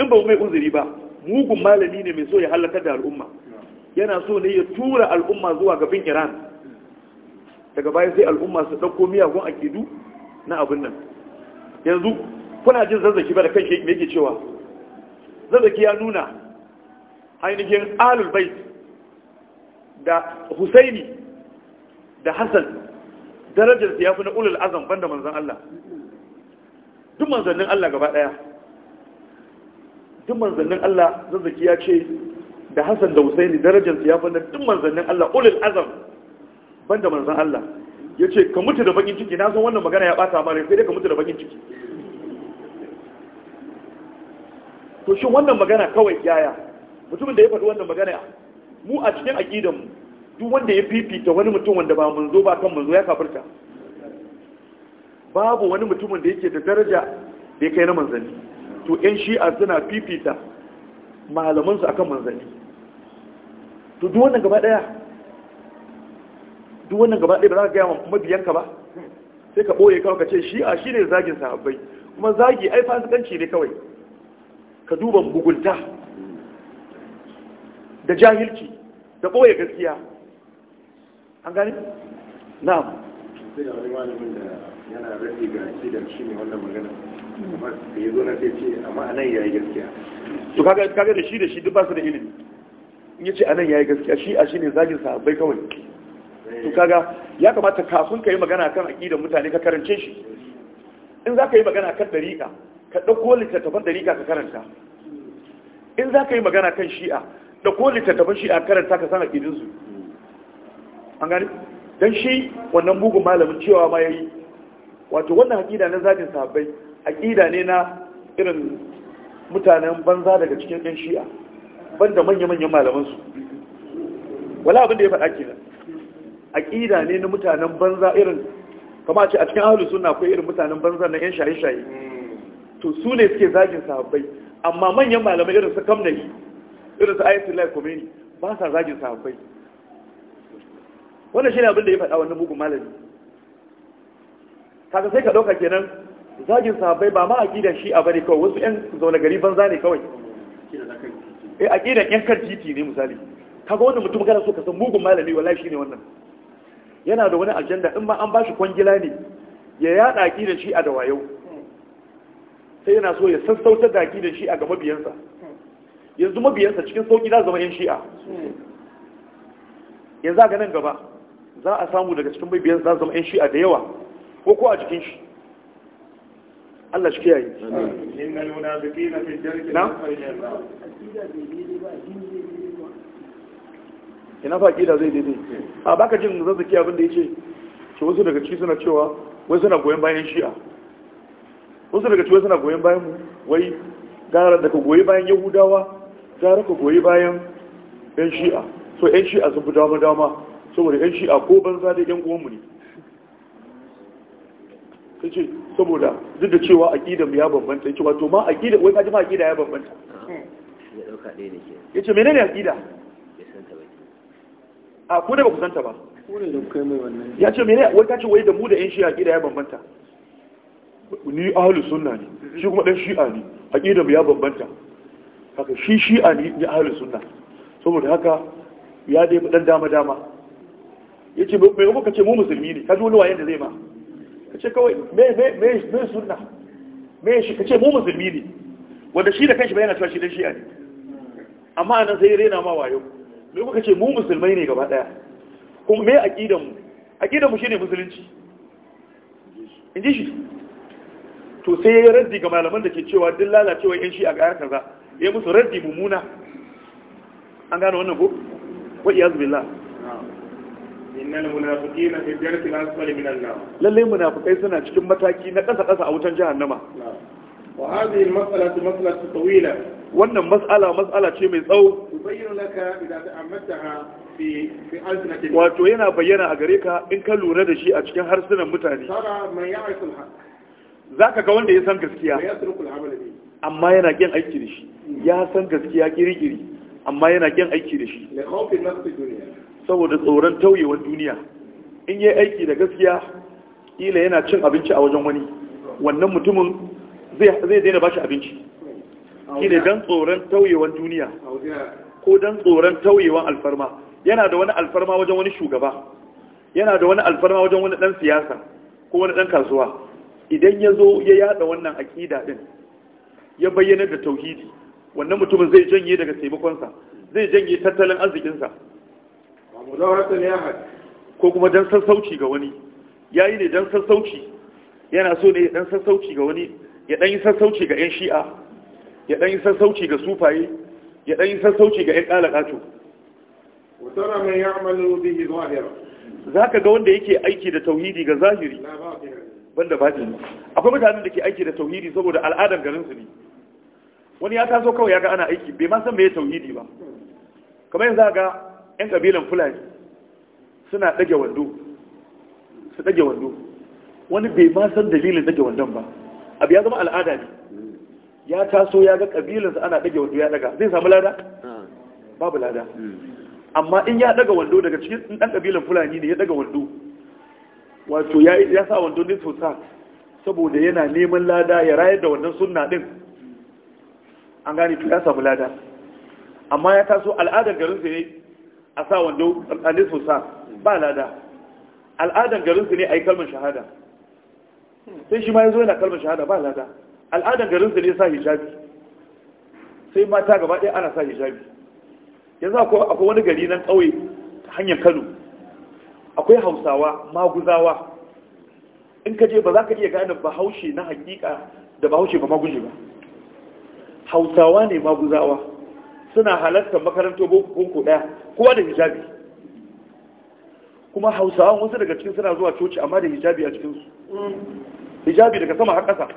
in ba mai uzuri ba mugun malami ne mai so ya halaka da al'umma yana so ne ya tura al'umma zuwa gaban iran daga baya sai al'umma su ɗauko miyagun akidu na abin nan yanzu kuna jin zazzaki ba da kan shi yake cewa zazzaki ya nuna ainihin alul bait da husaini da hassan darajar ya fi na ulul azam banda manzan Allah duk manzannin Allah gaba daya duk manzannin Allah zazzaki ya ce da hassan da husaini darajar ya fi na duk manzannin Allah ulul azam banda manzan Allah ya ce ka mutu da bakin ciki na san wannan magana ya bata mara sai dai ka mutu da bakin ciki to shi wannan magana kawai yaya mutumin da ya faɗi wannan magana mu a cikin aƙidanmu duk wanda ya fifita wani mutum wanda ba manzo ba kan manzo ya kafirta babu wani mutumin da yake da daraja da ya kai na manzanni to yan shi'a suna fifita malamansu akan manzanni to duk wannan gaba ɗaya. duk wannan gaba ɗaya ba za ka gaya mabiyanka ba sai ka ɓoye kawai ka ce shi a shi ne zagin sahabbai kuma zagi ai fasikanci ne kawai ka duba mugunta da jahilci da ɓoye gaskiya an gani? na. wani malamin da yana rabi ga shi da shi ne wannan magana amma da zo na sai ce amma anan ya yi gaskiya to kaga da shi da shi duk ba su da ilimi in ya ce anan ya yi gaskiya shi a shi ne zagin sahabbai kawai tukaga kaga ya kamata kafin ka yi magana kan aƙidar mutane ka karance shi in za ka yi magana kan dariƙa ka ɗauko littattafan dariƙa ka karanta in za ka yi magana kan shi'a ɗauko littattafan shi'a karanta ka san aƙidinsu an gani don shi wannan bugun malamin cewa ma ya yi wato wannan aƙida na zagin sabai aƙida ne na irin mutanen banza daga cikin ɗan shi'a banda manya-manyan malamansu wala abin da ya faɗa kenan aƙida ne na mutanen banza irin kama ce a cikin ahalus suna akwai irin mutanen banza na 'yan shaye-shaye to su ne suke zagin sahabbai amma manyan malamai irin su kamnari irin su ayatollah khomeini ba sa zagin sahabbai wannan shi ne abin da ya faɗa wannan bugun malami kaga sai ka ɗauka kenan zagin sahabbai ba ma aƙidan shi a bane kawai wasu 'yan zaune gari banza ne kawai eh aƙidan 'yan kan titi ne misali kaga wannan mutum kana so ka san mugun malami wallahi shine wannan yana da wani ajanda in ma an ba shi kwangila ne ya yada da shi a da wayo sai yana so ya sassauta da da shi a ga mabiyansa yanzu mabiyansa cikin sauki za zama yan shi'a yanzu ga nan gaba za a samu daga cikin mabiyansa za zama yan shi'a da yawa ko ko a cikin shi Allah shi kiyaye. Innal munafiqina fi dharki ina fa kida zai daidai a baka jin zaki abin da yake to wasu daga ciki suna cewa wai suna goyon bayan shi'a wasu daga ciki suna goyon bayan mu wai gara daga goyi bayan yahudawa gara ka goyi bayan yan shi'a so yan shi'a sun fi dama dama saboda yan shi'a ko banza da yan uwanmu ne kace ce saboda duk da cewa mu ya bambanta ya ce wato ma aƙida wai kaji ma aƙida ya bambanta ya ce menene aƙida a ko dai ba ku ba ya ce mene wai kace wai da mu da yan shi'a ƙida ya bambanta ni ahlu sunna ne shi kuma dan shi'a ne aqida ya bambanta haka shi shi'a ne ni ahlu sunna saboda haka ya dai dan dama dama yace mai kuma kace mu musulmi ne kaji wani wayan da zai ma kace kawai me me me me sunna me shi kace mu musulmi ne wanda shi da kanshi ba yana cewa shi dan shi'a ne amma anan sai rena ma wayo me kuka ce mu musulmai ne gaba daya kuma me aqidan mu aqidan mu shine musulunci in ji shi to sai ya raddi ga malaman da ke cewa duk lalacewa yan shi a gaya kaza ya musu raddi mummuna an gane wannan ko wa iyaz billah innal munafiqina fi dharki al-asfali min an-nar lalle munafikai suna cikin mataki na kasa kasa a wutan jahannama na'am وهذه المسألة مسألة طويلة wannan mas'ala mas'ala ce mai tsawo wato yana bayyana a gare ka in ka lura da shi a cikin harsunan mutane za ka ga wanda ya san gaskiya amma yana ƙin aiki da shi ya san gaskiya kirkiri amma yana ƙin aiki da shi saboda tsoron tauyewar duniya in yi aiki da gaskiya ila yana cin abinci a wajen wani wannan mutumin zai daina ba shi abinci shi ne don tsoron tauyewan duniya ko don tsoron tauyewan alfarma yana da wani alfarma wajen wani shugaba yana da wani alfarma wajen wani dan siyasa ko wani dan kasuwa idan ya zo ya yada wannan aƙida din ya bayyana da tauhidi wannan mutumin zai janye daga taimakonsa zai janye tattalin arzikinsa ko kuma don sassauci ga wani ya yi ne don sassauci yana so ne don sassauci ga wani ya ɗan yi sassauci ga 'yan shi'a ya ɗan yi sassauci ga sufaye ya ɗan yi sassauci ga 'yan ƙalaƙato za ka ga wanda yake aiki da tauhidi ga zahiri banda batini akwai mutanen da ke aiki da tauhidi saboda al'adar garinsu ne wani ya taso kawai ya ga ana aiki bai ma san mai tauhidi ba kamar yanzu ga 'yan kabilan fulani suna ɗage wando su ɗage wando wani bai ma san dalilin ɗage wandon ba abu ya zama al'ada ne ya taso ya ga kabilansa ana ɗage wando ya ɗaga. zai samu lada babu lada amma in ya ɗaga wando daga cikin ɗan ƙabilan fulani ne ya ɗaga wando wato ya sa wando ne sosa saboda yana neman lada ya rayar da wannan sunna ɗin, an gane to ya samu lada amma ya taso al'adar garin su ne a sa wando a sosa ba lada al'adar garin su ne a yi kalmar shahada sai shi ma ya zo yana kalmar shahada ba lada al'adar garinsa ne sa hijabi sai mata gaba ɗaya ana sa hijabi yanzu akwai wani gari nan ƙauye hanyar kano akwai hausawa maguzawa in ka je ba za ka iya gane bahaushe na hakika da bahaushe ba maguji ba hausawa ne maguzawa suna halartar makarantar boko ɗaya kowa da hijabi kuma Hausawa wasu daga cikin suna zuwa coci amma da hijabi a cikinsu hijabi daga sama har ƙasa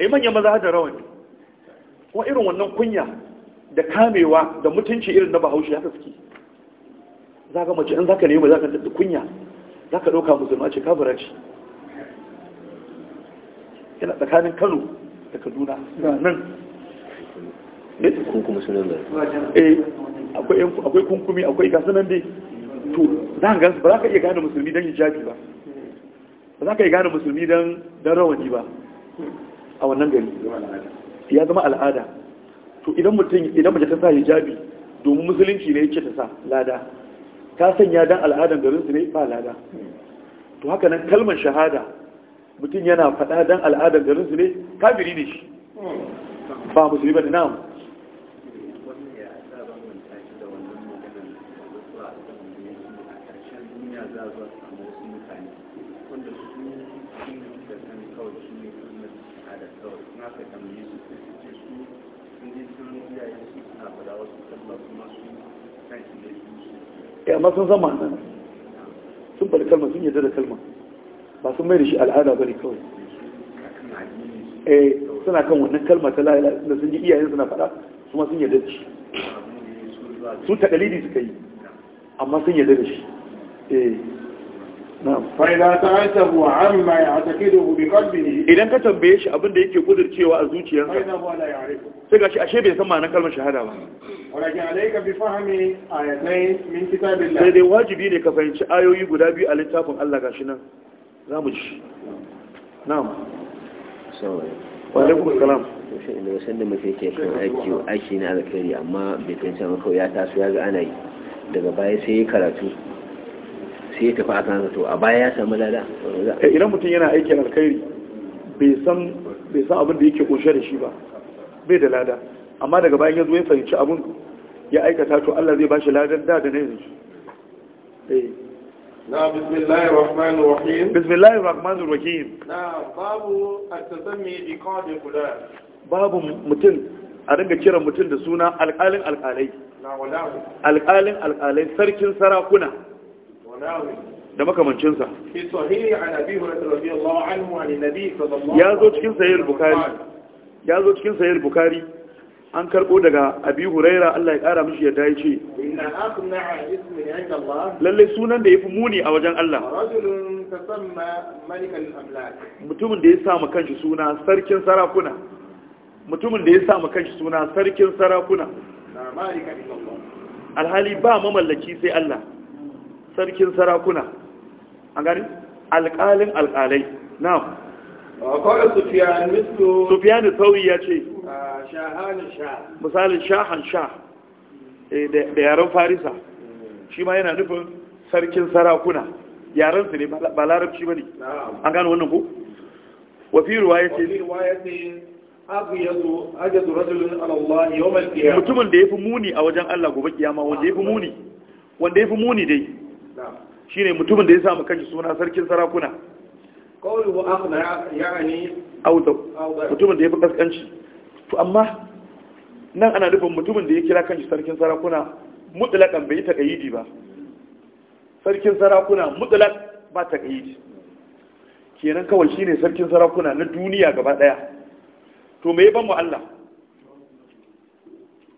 a eh, manyan maza hajjar rawan kuma irin wannan kunya da kamewa da mutunci irin na bahaushe haka suke za ga mace in za ka nemi za ka tattu kunya za ka ɗauka musulma ce kabura ce yana tsakanin kano da kaduna nan ne kuma sunan da akwai kunkumi akwai gasu nan dai to za ka ba za ka iya gane musulmi don hijabi ba ba za ka iya gane musulmi don rawani ba a wannan gari ya zama al'ada to idan mutum idan mace ta sa hijabi domin musulunci ne yake ta sa lada ta sanya dan al'adan garin su ne ba lada to haka nan kalmar shahada mutum yana faɗa dan al'adan garin su ne kafiri ne shi ba musulmi ba namu aka tambaye su sai su ce su sun je sun iyaye su suna fada wasu kalma kuma su kan shi ne su. ya eh, amma sun zama nan sun faɗi kalma sun yarda da kalma ba sun mai da shi al'ada ba ne kawai. Eh suna kan wannan kalma ta la'ila da sun yi iyayen suna faɗa kuma sun yarda da shi. Su dalili suka yi amma sun yarda da shi. Eh idan ka tambaye shi abinda yake kudurcewa a zuciyarsa sai gashi ashe bai san ma'anar kalmar shahada ba sai dai wajibi ne ka fahimci ayoyi guda biyu a littafin Allah gashi nan za mu ji na'am walaikun salam da wasan da mafi ke kan aiki na alkhairi amma bai fahimta kawai ya taso ya ga ana yi daga baya sai ya karatu sai ya tafi a kan to a baya ya samu lada eh, idan mutum yana aikin alkhairi bai san abin da yake kunshe da shi ba bai da lada amma daga bayan ya zo ya fahimci abin ya aikata to Allah zai bashi ladan da da na yanzu eh. na bismillahir rahmanir rahim bismillahir rahmanir rahim na babu at-tasammi bi qadi fulan babu mutum a ringa kiran mutum da suna alƙalin alƙalai alƙalin alƙalai sarkin sarakuna da makamancinsa ya zo cikin sayar bukari ya zo cikin sayar bukari an karɓo daga abi huraira Allah ya ƙara mishi yadda ya ce lallai sunan da ya fi muni a wajen Allah mutumin da ya sa kanshi suna sarkin sarakuna mutumin da ya samu kanshi suna sarkin sarakuna alhali ba mamallaki sai Allah sarkin sarakuna an gani alƙalin alƙalai na kawai sufiyan misto sufiyan da sauri ya ce ah, shahanin Shah misalin shahan sha eh, da yaren farisa hmm. shi ma yana nufin sarkin sarakuna yaren su ne ba larabci ba ne an gani wannan ku wafi ya ce mutumin da ya fi muni a wajen Allah gobe kiyama wanda ya fi muni wanda ya fi muni dai Shi ne mutumin da ya samu kanshi suna sarkin sarakuna qawlu akhna yani auda mutumin da ya fi kaskanci to amma nan ana nufin mutumin da ya kira kanshi sarkin sarakuna mutulakan bai taqayidi ba sarkin sarakuna mutulak ba taqayidi kenan kawai shi ne sarkin sarakuna na duniya gaba daya to me ban Allah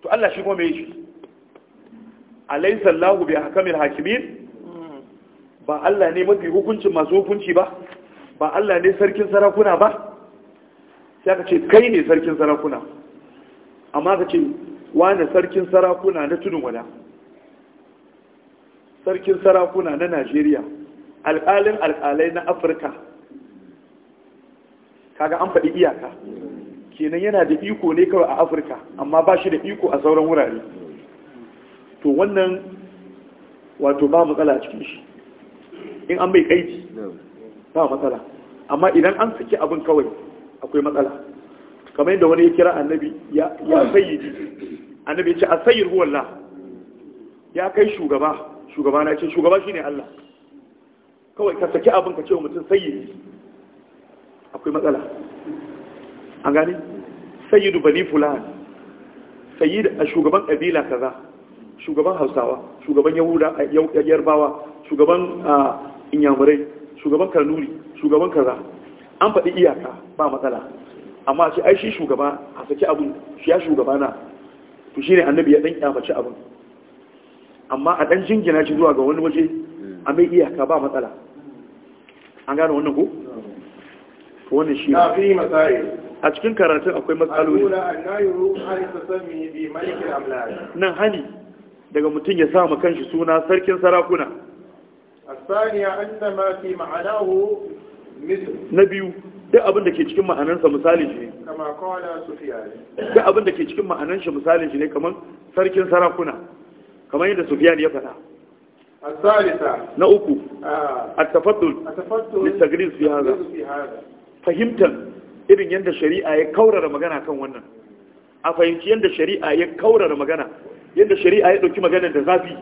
to Allah shi kuma me shi alaysa Allahu bi ahkamil hakimin ba Allah ne mafi hukuncin masu hukunci ba ba Allah ne sarkin sarakuna ba sai aka ce kai ne sarkin sarakuna amma ka ce wane sarkin sarakuna na tunin wada sarkin sarakuna na Najeriya alƙalin alƙalai na Afirka kaga an faɗi iyaka kenan yana da iko ne kawai a Afirka amma ba shi da iko a sauran wurare to wannan wato ba matsala cikin shi in an mai kaiji ba matsala amma idan an saki abin kawai akwai matsala kamar yadda wani ya kira annabi ya sayyidi annabi ya ce a ruwan la, ya kai shugaba shugaba na ce shugaba ne Allah kawai ka saki abin ka ce wa mutum sayyidi akwai matsala an gani sayyidu dubani fulani sayyid a shugaban ka kaza shugaban hausawa shugaban yahuda yarbawa shugaban inyamurai shugaban karnuri shugaban kaza an faɗi iyaka ba matsala amma ce ai shi shugaba a saki abin shi ya shugaba na to shi ne annabi ya ɗan kyamaci abin amma a ɗan jingina shi zuwa ga wani waje a mai iyaka ba matsala an gane wannan ko? wannan shi a cikin karatun akwai matsaloli nan hani daga mutum ya sa ma kanshi suna sarkin sarakuna الثانية أن ما في معناه مثل نبيو da abin da ke cikin ma'anansa misalin shi ne kama kawala sufiyan da abin da ke cikin ma'anansa misali misalin shi ne kamar sarkin sarakuna kamar yadda Sufiyani ya faɗa na uku a tafaddul littagrin fi haza fahimtar irin yadda shari'a ya kaurara magana kan wannan a fahimci yadda shari'a ya kaurara magana yadda shari'a ya ɗauki magana da zafi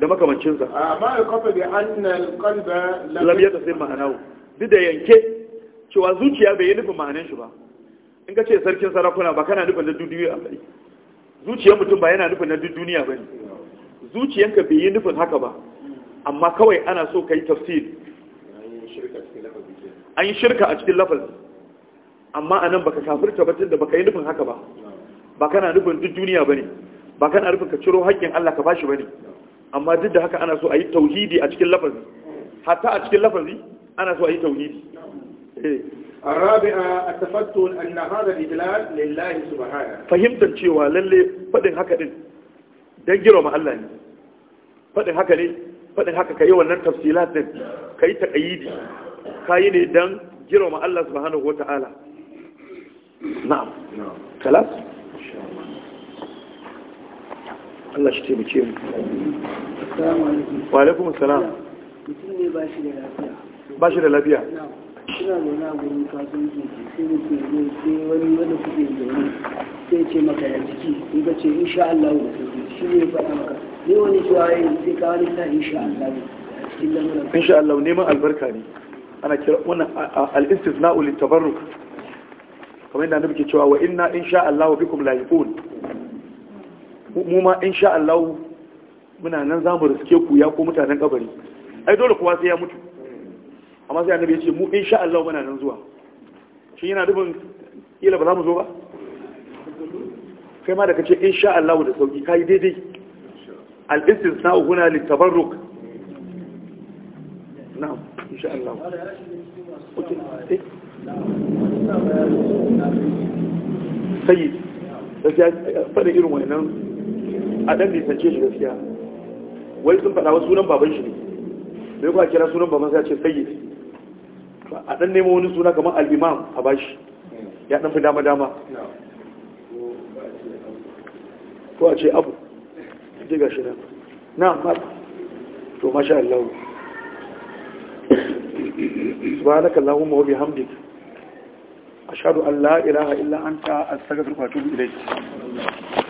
da makamancinsa amma ah, ya kafa bi annal qalba lam yatasim ma'anahu duk da yanke cewa zuciya bai yi nufin ma'anan shi ba in ka ce sarkin sarakuna ba kana nufin na duniya ba ne zuciyar mutum ba yana nufin na duniya ba ne zuciyanka bai yi nufin haka ba amma kawai ana so ka yi tafsir an yi shirka a cikin lafazi amma anan baka kafirta batun da baka yi nufin haka ba ba kana nufin duk duniya ba ne ba kana rufin ka ciro haƙƙin Allah ka bashi bane amma duk da haka ana so a yi tauhidi a cikin lafazi hatta a cikin lafazi ana so a yi tauhidi الرابعة التفتن أن هذا الإدلال lillahi سبحانه فهمت cewa lalle fadin haka din dan girma Allah ne fadin haka ne fadin haka kai wannan tafsilat din kai taqayidi kai ne dan girma Allah subhanahu wataala na'am na'am خلاص Allah shi taimake mu wa alaikum mutum ne ba shi da lafiya ba shi da lafiya suna gurin kasuwanci sai wani zaune sai ce maka ya ciki in ka ce insha Allah wa shi ne faɗa maka ne wani yi sai ka wani sa insha Allah Allah neman albarka ne ana kira wannan al-istisna'u litabarruk kamar yadda annabi ke cewa wa inna insha Allah bikum lahiqun mu ma sha Allah muna nan za mu riske ku ya ko mutanen kabari ai dole kuwa sai ya mutu amma sai annabi ya ce mu sha Allah muna nan zuwa shin yana dubin kila ba za mu zo ba kai ma da kace sha Allah da sauki kai daidai al-istisna huna litabarruk na'am sha Allah okay da ya fara irin wannan a dan sace shi gaskiya wai sun faɗa wasu sunan baban shi ne bai kuwa kira sunan baban sai ce sayyid a dan nemo wani suna kamar al-imam a bashi ya dan fi dama dama ko a ce abu kaje ga shi nan na amma to masha Allah subhanaka allahumma wa bihamdika ashhadu an la ilaha illa anta astaghfiruka wa atubu ilayk